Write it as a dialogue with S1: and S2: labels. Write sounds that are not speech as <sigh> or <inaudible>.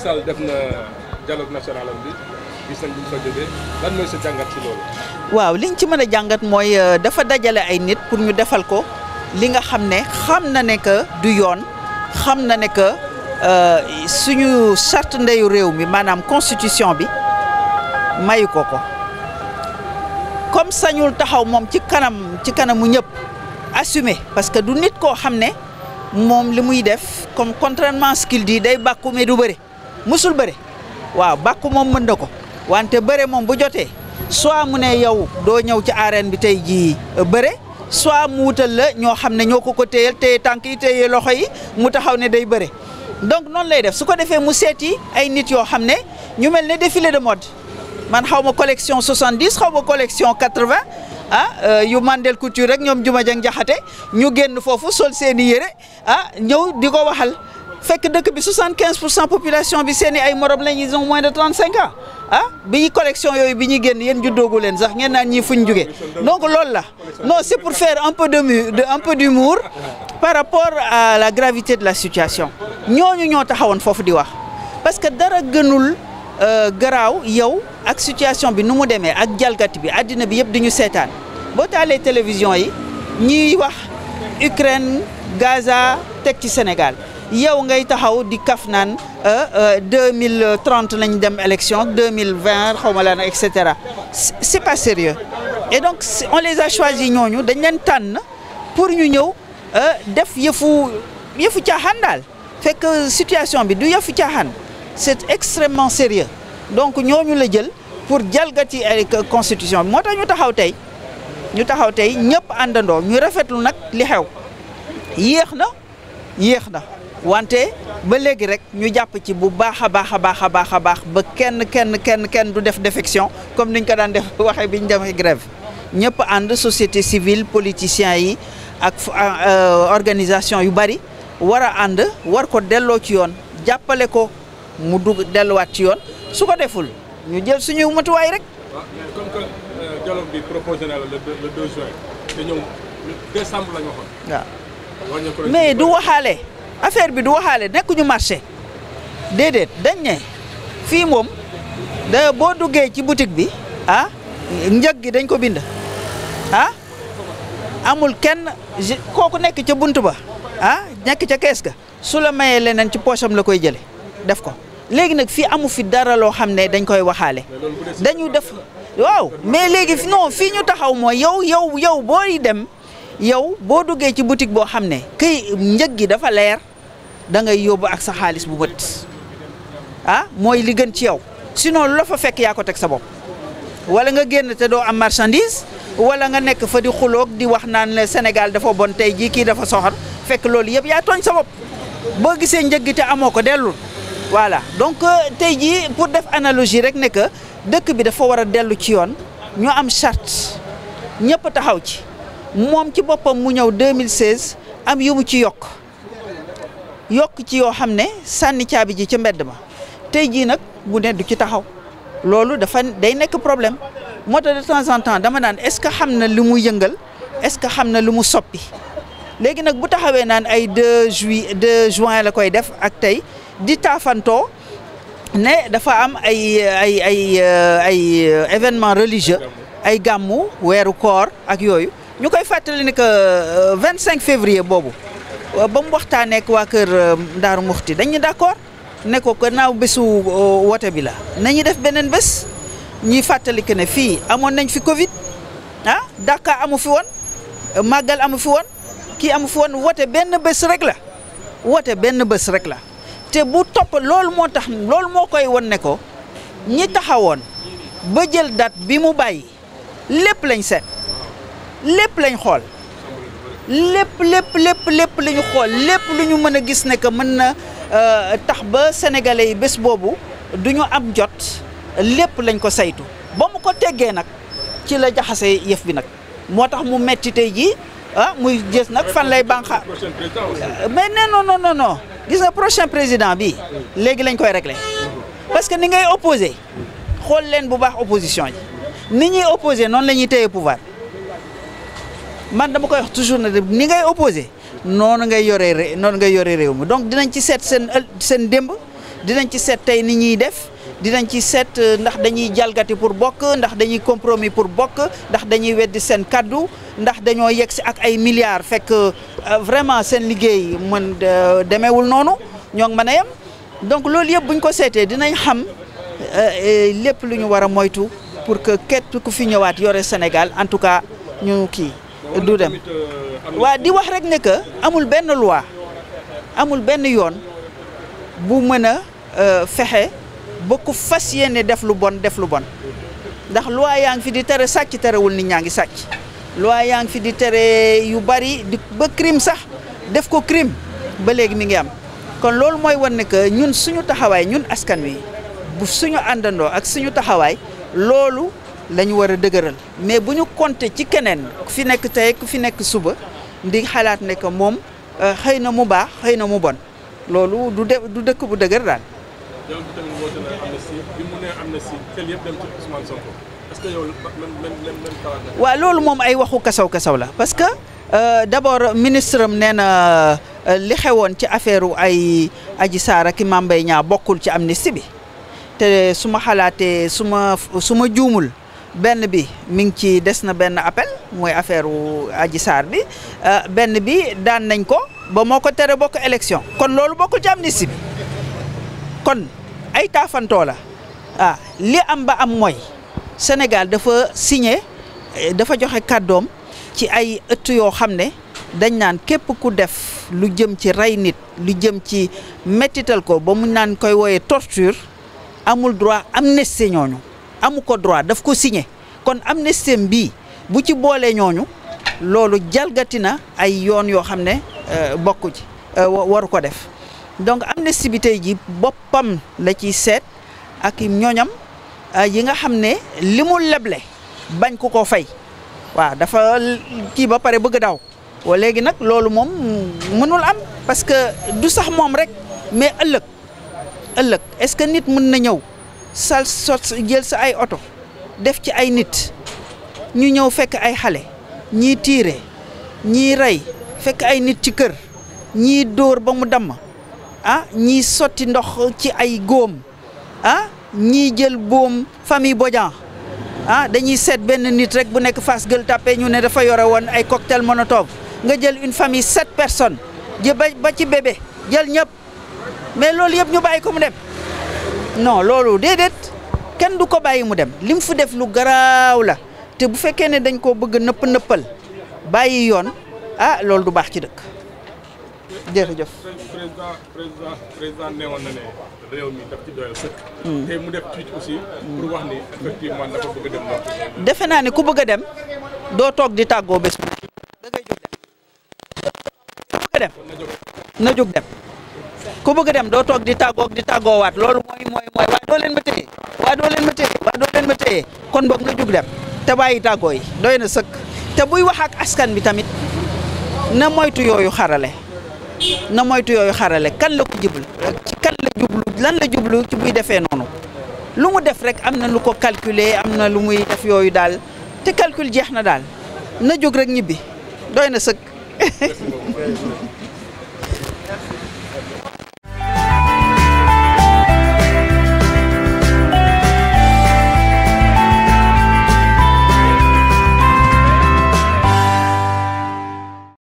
S1: Macky Sall def na bi gis nañ bu fa waaw liñ ci mën a jàngat mooy euh, dafa dajale ay nit pour ñu defal ko li nga xam ne xam na ne que du yoon xam na ne que euh, suñu sart ndeyu réew mi maanaam constitution bi mayu ko ko comme sañul taxaw moom ci kanam ci kanamu ñëpp assumer parce que du nit koo xam ne moom li muy def comme contrairement à ce day bàkku du bëri. musul bëre waaw bàkku moom mën na ko wante bëre moom bu jotee soit mu ne yow doo ñëw ci arène bi tey jii euh, bëre soit mu wutal la ñoo xam ne ñoo ko ko téyal téye tànk yi téye loxo yi mu taxaw ne day bëre donc noonu lay def su ko defee mu seeti ay nit yoo xam ne ñu mel ne défilé de mode man xaw ma collection 70 xaw ma collection 80 ah euh, yu Mandel Couture rek ñoom Juma Jang Jaxate ñu génn foofu sol seeni yére ah ñëw di ko waxal fekk dëkk bi 75 pour cent population bi seen i ay morom lañ ils ont moins de 35 ans ah bi collection yooyu bi ñuy génn yéen juddoogu leen sax ngeen naan ñii fuñ jugee donc loolu la non c'est pour faire un peu de mu un peu d'humour par rapport à la gravité de la situation ñooñu ñoo taxawoon foofu di wax parce que dara gënul euh, garaaw yow ak situation bi nu mu demee ak jalgati bi àddina bi yëpp di ñu seetaan boo taalee télévision yi ñiy wax Ukraine Gaza teg ci Sénégal yow ngay taxaw di kaf euh, 2030 euh, lañ dem élection 2020 xawma lan etc. c'est pas sérieux et donc on les a choisis ñooñu dañ leen tann pour ñu ñëw euh, def yefu yëfu caaxaan fait que situation bi du yëfu caaxaan c'est extrêmement sérieux donc ñooñu la jël pour jalgati avec constitution bi moo ñu taxaw tay ñu taxaw tay ñëpp andando ñu rafetlu nak li xew yéex na wanté ba légui rek ñu japp ci bu baaxa baaxa baaxa baaxa baax baax ba kenn kenn kenn kenn du def défection comme niñ ko daan def <laughs> waxe bi ñu demee grève ñëpp and société civile politiciens yi ak euh, euh, organisation yu bari wara and war ko dello ci yoon jappalé ko mu dug dugg wat ci yoon su ko deful ñu jël suñu way rek. comme que euh, dialogue bi proposé le 2 juin té ñëw décembre lañ waxon mais du waxalé affaire bi du waxaale ñu marché déedéet dañ ne fii moom da boo duggee ci boutique bi ah, njëg gi dañ ko bind ah, amul kenn kooku nekk ca bunt ba ah nekk ca kees ga sula mayee leneen ci poche la koy jële def ko léegi nag fii amu fi dara loo xam ne dañ koy waxaale dañu def waaw mais léegi non fii ñu taxaw mooy yow yow yow booy dem yow boo duggee ci boutique boo xam ne këy njëg gi dafa leer da ngay yóbbu ak sa xaalis bu bët ah mooy li gën ci yow sinon loo fa fekk yaa ko teg sa bopp wala nga génn te doo am marchandise wala nga nekk fa di xuloog di wax naan ne Sénégal dafa bon tey jii kii dafa soxor fekk loolu yëpp yaa tooñ sa bopp boo gisee njëg gi te amoo ko dellul voilà donc euh, tey jii pour def analogie rek ne dëkk bi dafa war a dellu ci yoon ñu am charte ñëpp taxaw ci moom ci boppam mu ñëw 2016 am yu ci yokk. yokk ci yoo xam ne sànni caabi ji ca mbedd ma tey jii nag bu ne du ci taxaw loolu dafa day nekk problème moo tax de temps en temps dama naan est-ce que xam na lu mu yëngal est-ce que xam na lu mu soppi léegi nag bu taxawee naan ay 2 juillet 2 juin la koy def ak tey di taafantoo ne dafa am ay ay ay euh, ay euh, événement religieux ay gàmmu weeru koor ak yooyu ñu koy fàttali ne que 25 euh, février boobu. Euh, ba mu waxtaanee ak waa kër euh, Daaru Muxti dañu d'accord ne ko ko naaw bésu euh, woote bi la nañu def beneen bés ñuy fàttali ne fii amoon nañ fi Covid ah Dakar amu fi woon màggal amu fi woon kii amu fi woon woote benn bés rek la woote benn bés rek la te bu topp loolu moo tax loolu moo koy won ne ko ñi taxawoon ba jël date bi mu bàyyi lépp lañ seet lépp lañ xool. lépp lépp lépp lépp liñu xol xool lépp lu ñu mën a gis ne que mën euh, tax ba sénégalais yi bés boobu du am jot lépp lañ ko saytu ba ko téggé nak ci la jaxassé yef bi nak motax mu metti tay ji ah muy jess nak fan lay banqa mais non non non non gis nga prochain président bi légui lañ koy régler parce que ni ngay opposé xol leen bu baax opposition ni ñi opposé non la ñuy téye pouvoir man dama koy wax toujours na ni ngay opposé non ngay yoré non ngay yoré réew mi donc dinañ ci set sen sen demb dinañ ci set tay ni ñi def dinañ ci set euh, ndax dañuy jalgati pour bokk ndax dañuy compromis pour bokk ndax dañuy wéddi sen cadeau ndax daño yexi ak ay milliards fek euh, vraiment sen liguey man euh, demeewul nonu ñok ngi donc loolu yeb buñ ko sété dinañ xam lépp lu ñu war moytu pour que képp ku fi ñëwaat yore Sénégal en tout cas ñu kii. du dem euh, waa di wax rek ne amul benn loi amul benn yoon bu mën a euh, fexe ba ku fas yéene def lu bon def lu bon ndax loi yaa ngi fi di tere sàcc terewul nit ñaa ngi sàcc loi yaa ngi fi di tere yu bari di ba crime sax def ko crime ba léegi mi ngi am kon loolu mooy wan ne que ñun suñu taxawaay ñun askan wi suñu àndandoo ak suñu taxawaay loolu lañu ñu war a dëgëral mais bu ñu compter ci keneen ku fi nekk tey ku fi nekk suba ndi xalaat ne que moom euh, xëy na mu baax xëy na mu bon loolu du du dëkk bu dëgër daal. waa loolu moom ay waxu kasaw kasaw la parce que euh, d'abord ministre am nee na euh, li xewoon ci affaire u ay Adji Sarr ak Mame Mbaye Niang bokkul ci amnistie bi te su ma xalaatee su ma su ma juumul. benn bi mi ngi ci des na benn appel mooy affaire wu Adji Sarr bi euh, benn bi daan nañ ko ba moo ko tere bokk élection kon loolu bokkul ci amnistie bi kon ay taafantoo la ah li am ba am mooy Sénégal dafa signé eh, dafa joxe kàddoom ci ay ëtt yoo xam ne dañ naan képp ku def lu jëm ci rey nit lu jëm ci mettital ko ba mu naan koy wooyee torture amul droit am ne ñooñu amu ko droit daf ko signé kon am amnistie bii bu ci boolee ñooñu loolu jalgati na ay yoon yoo xam ne euh, bokku ci euh, waru ko def donc am bi tey ji boppam la ciy seet ak ñooñam euh, yi nga xam ne li mu leble bañ ko ko fay waaw dafa kii ba pare bëgg daw wa léegi nag loolu moom mënul am parce que du sax moom rek mais ëllëg ëllëg est-ce que nit mën na ñëw sal sot jël sa ay oto def ci ay nit ñu ñëw fekk ay xale ñii tiire ñii rey fekk ay nit ci kër ñii dóor ba mu damm a ah, ñii sotti ndox ci ay góom a ah, ñii jël boom famille Bodian a ah, dañuy seet benn nit rek bu nekk fas Gueule Tapée ñu ne dafa yore woon ay cocktail Molotov nga jël une famille sept personnes jë ba ci bébé jël ñëpp mais loolu yëpp ñu bàyyi ko mu dem non loolu déedéet kenn du ko bàyyi mu dem lim fu def lu garaaw la te bu fekkee ne dañ koo bëgg nëpp nëppal bàyyi yoon a ah, loolu du baax ci dëkk jërëjëf. Hmm. defe naa ne ku bëgg a dem doo toog di tàggoo bés bu. da ngay jóg dem. na jóg dem. ku bëgg a dem doo toog di tàggoog di tàggoowaat loolu mooy mooy mooy waaye doo leen ma téye waaye doo leen ma téye kon boog na jug dem te bàyyi tàggoo yi doy na sëkk te buy wax ak askan bi tamit na moytu yooyu xarale na moytu yooyu xarale kan la ko jublu ci kan la jublu lan la jublu ci buy defee noonu lu mu def rek am na lu ko calculer am na lu muy def yooyu daal te calcul jeex na daal na jóg rek ñibbi doy na sëkk <laughs>